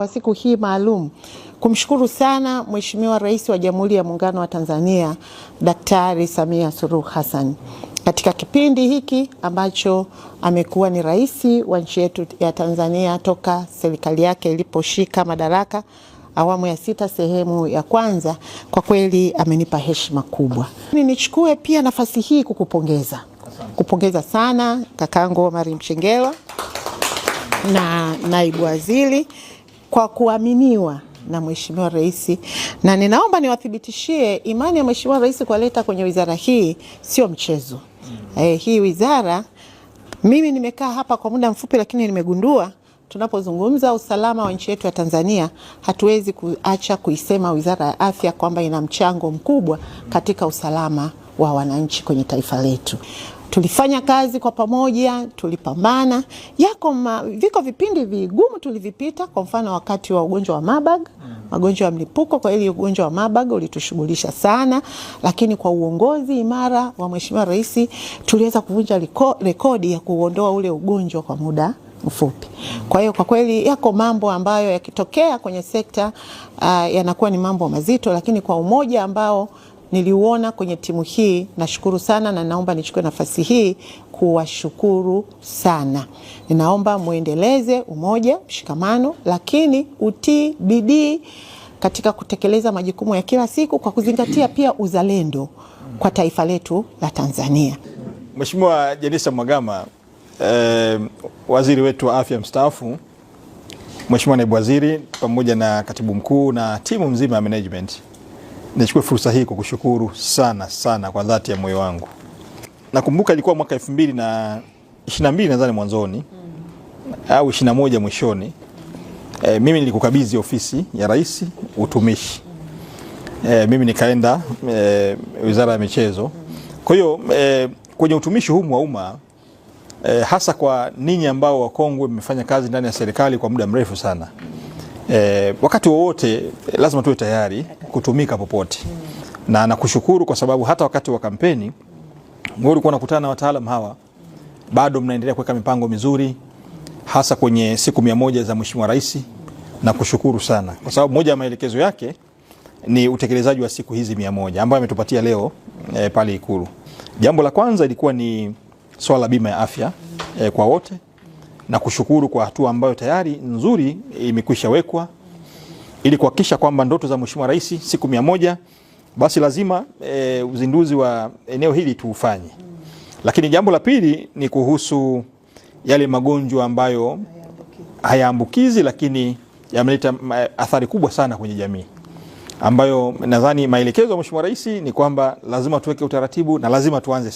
Kwa siku hii maalum kumshukuru sana Mheshimiwa Rais wa Jamhuri ya Muungano wa Tanzania Daktari Samia Suluhu Hassan katika kipindi hiki ambacho amekuwa ni rais wa nchi yetu ya Tanzania toka serikali yake iliposhika madaraka awamu ya sita sehemu ya kwanza. Kwa kweli amenipa heshima kubwa. Nichukue pia nafasi hii kukupongeza, kupongeza sana kakangu Omari Mchengerwa na naibu waziri kwa kuaminiwa na Mheshimiwa Rais, na ninaomba niwathibitishie imani ya Mheshimiwa Rais kuwaleta kwenye wizara hii sio mchezo. Mm. Eh, hii wizara mimi nimekaa hapa kwa muda mfupi, lakini nimegundua tunapozungumza usalama wa nchi yetu ya Tanzania hatuwezi kuacha kuisema wizara ya afya kwamba ina mchango mkubwa katika usalama wa wananchi kwenye taifa letu tulifanya kazi kwa pamoja, tulipambana. Yako ma, viko vipindi vigumu tulivipita, kwa mfano wakati wa ugonjwa wa Marburg, magonjwa ya mlipuko. Kwa hiyo ugonjwa wa Marburg ulitushughulisha sana, lakini kwa uongozi imara wa Mheshimiwa Rais tuliweza kuvunja rekodi ya kuondoa ule ugonjwa kwa muda mfupi. Kwa hiyo kwa kweli yako mambo ambayo yakitokea kwenye sekta uh, yanakuwa ni mambo mazito, lakini kwa umoja ambao niliuona kwenye timu hii. Nashukuru sana na naomba nichukue nafasi hii kuwashukuru sana. Ninaomba mwendeleze umoja, mshikamano, lakini utii, bidii katika kutekeleza majukumu ya kila siku kwa kuzingatia pia uzalendo kwa taifa letu la Tanzania. Mheshimiwa Jenista Mhagama, eh, waziri wetu wa afya mstaafu, Mheshimiwa naibu waziri pamoja na katibu mkuu na timu mzima ya management nichukue fursa hii kukushukuru sana sana kwa dhati ya moyo wangu. Nakumbuka ilikuwa mwaka elfu mbili na ishirini na mbili nadhani mwanzoni mm. au ishirini na moja mwishoni e, mimi nilikukabidhi ofisi ya rais utumishi e, mimi nikaenda e, wizara ya michezo. Mm. Kwa hiyo e, kwenye utumishi huu wa umma e, hasa kwa ninyi ambao wakongwe mmefanya kazi ndani ya serikali kwa muda mrefu sana mm. E, wakati wowote eh, lazima tuwe tayari kutumika popote mm. na nakushukuru kwa sababu hata wakati wa kampeni wewe ulikuwa unakutana na wataalam hawa, bado mnaendelea kuweka mipango mizuri, hasa kwenye siku mia moja za Mheshimiwa Rais. Nakushukuru sana kwa sababu moja ya maelekezo yake ni utekelezaji wa siku hizi mia moja ambayo ametupatia leo e, pale Ikulu. Jambo la kwanza ilikuwa ni swala la bima ya afya e, kwa wote na kushukuru kwa hatua ambayo tayari nzuri imekwisha wekwa ili kuhakikisha kwamba ndoto za Mheshimiwa Rais siku mia moja basi lazima e, uzinduzi wa eneo hili tuufanye. Lakini jambo la pili ni kuhusu yale magonjwa ambayo hayaambukizi lakini yameleta athari kubwa sana kwenye jamii ambayo nadhani maelekezo ya Mheshimiwa Rais ni kwamba lazima tuweke utaratibu na lazima tuanze